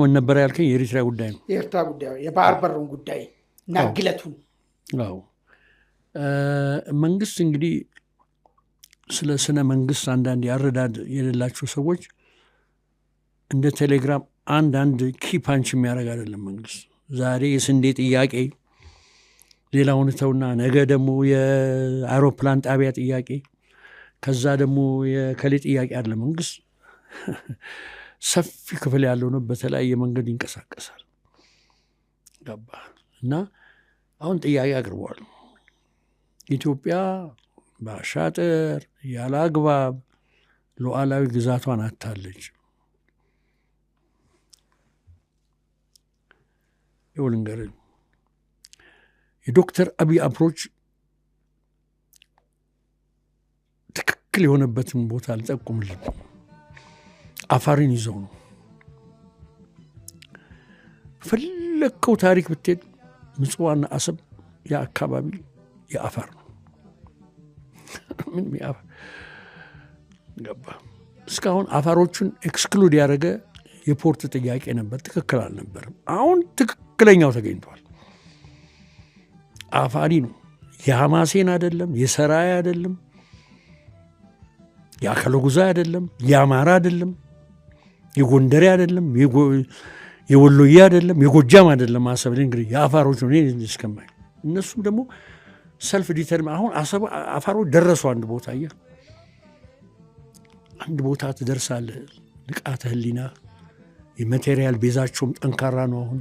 ምን ነበረ ያልከኝ? የኤርትራ ጉዳይ ነው። የኤርትራ ጉዳይ የባህር በሩን ጉዳይ እና ግለቱን። አዎ መንግስት እንግዲህ ስለ ስነ መንግስት አንዳንድ ያረዳድ የሌላቸው ሰዎች እንደ ቴሌግራም አንዳንድ አንድ ኪ ፓንች የሚያደርግ አይደለም መንግስት። ዛሬ የስንዴ ጥያቄ ሌላ ሁንተውና ነገ ደግሞ የአውሮፕላን ጣቢያ ጥያቄ ከዛ ደግሞ የከሌ ጥያቄ አለ መንግስት ሰፊ ክፍል ያለው ነው። በተለያየ መንገድ ይንቀሳቀሳል። ገባ እና አሁን ጥያቄ አቅርቧል። ኢትዮጵያ በአሻጥር ያለ አግባብ ሉዓላዊ ግዛቷን አታለች። ይውልንገር የዶክተር አብይ አፕሮች ትክክል የሆነበትን ቦታ አልጠቁምልን። አፋርን ይዘው ነው። ፈለግከው ታሪክ ብትሄድ ምጽዋና አሰብ የአካባቢ የአፋር ነው። ምንም ገባ። እስካሁን አፋሮቹን ኤክስክሉድ ያደረገ የፖርት ጥያቄ ነበር፣ ትክክል አልነበርም። አሁን ትክክለኛው ተገኝቷል። አፋሪ ነው። የሐማሴን አይደለም፣ የሰራይ አይደለም፣ የአከለጉዛ አይደለም፣ የአማራ አይደለም የጎንደሬ አይደለም፣ የወሎዬ አይደለም፣ የጎጃም አይደለም። አሰብ እንግዲህ የአፋሮች ነው እስከማኝ እነሱም ደግሞ ሰልፍ ዲተርም አሁን አሰብ አፋሮች ደረሱ። አንድ ቦታ የ አንድ ቦታ ትደርሳለህ። ንቃተ ህሊና የማቴሪያል ቤዛቸውም ጠንካራ ነው። አሁን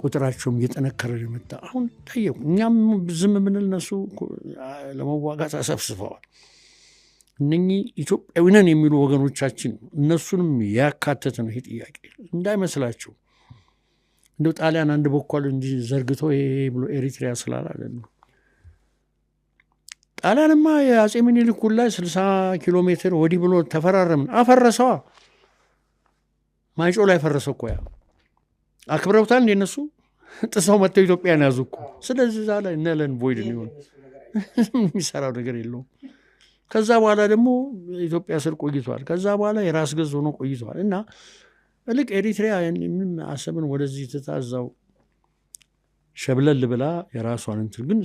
ቁጥራቸውም እየጠነከረ የመጣ አሁን ታየው። እኛም ዝም የምንል እነሱ ለመዋጋት አሰብስበዋል። እነኚህ ኢትዮጵያዊ ነን የሚሉ ወገኖቻችን እነሱንም ያካተተ ነው ይሄ ጥያቄ እንዳይመስላቸው። እንደ ጣሊያን አንድ በኳል እንጂ ዘርግቶ ይሄ ብሎ ኤሪትሪያ ስላላለ ነው። ጣሊያንማ የአጼ ምኒልክ ላይ ስልሳ ኪሎ ሜትር ወዲህ ብሎ ተፈራረምን፣ አፈረሰዋ። ማይጮ ላይ ፈረሰ እኮ ያ አክብረውታል። እንደ እነሱ ጥሰው መጥተው ኢትዮጵያን ያዙ እኮ። ስለዚህ እዛ ላይ እነለን ለን ቮይድ የሚሰራው ነገር የለውም። ከዛ በኋላ ደግሞ ኢትዮጵያ ስር ቆይተዋል። ከዛ በኋላ የራስ ገዝ ሆኖ ቆይተዋል እና ልክ ኤሪትሪያ ምንም አሰብን ወደዚህ ትታዛው ሸብለል ብላ የራሷን እንትን ግን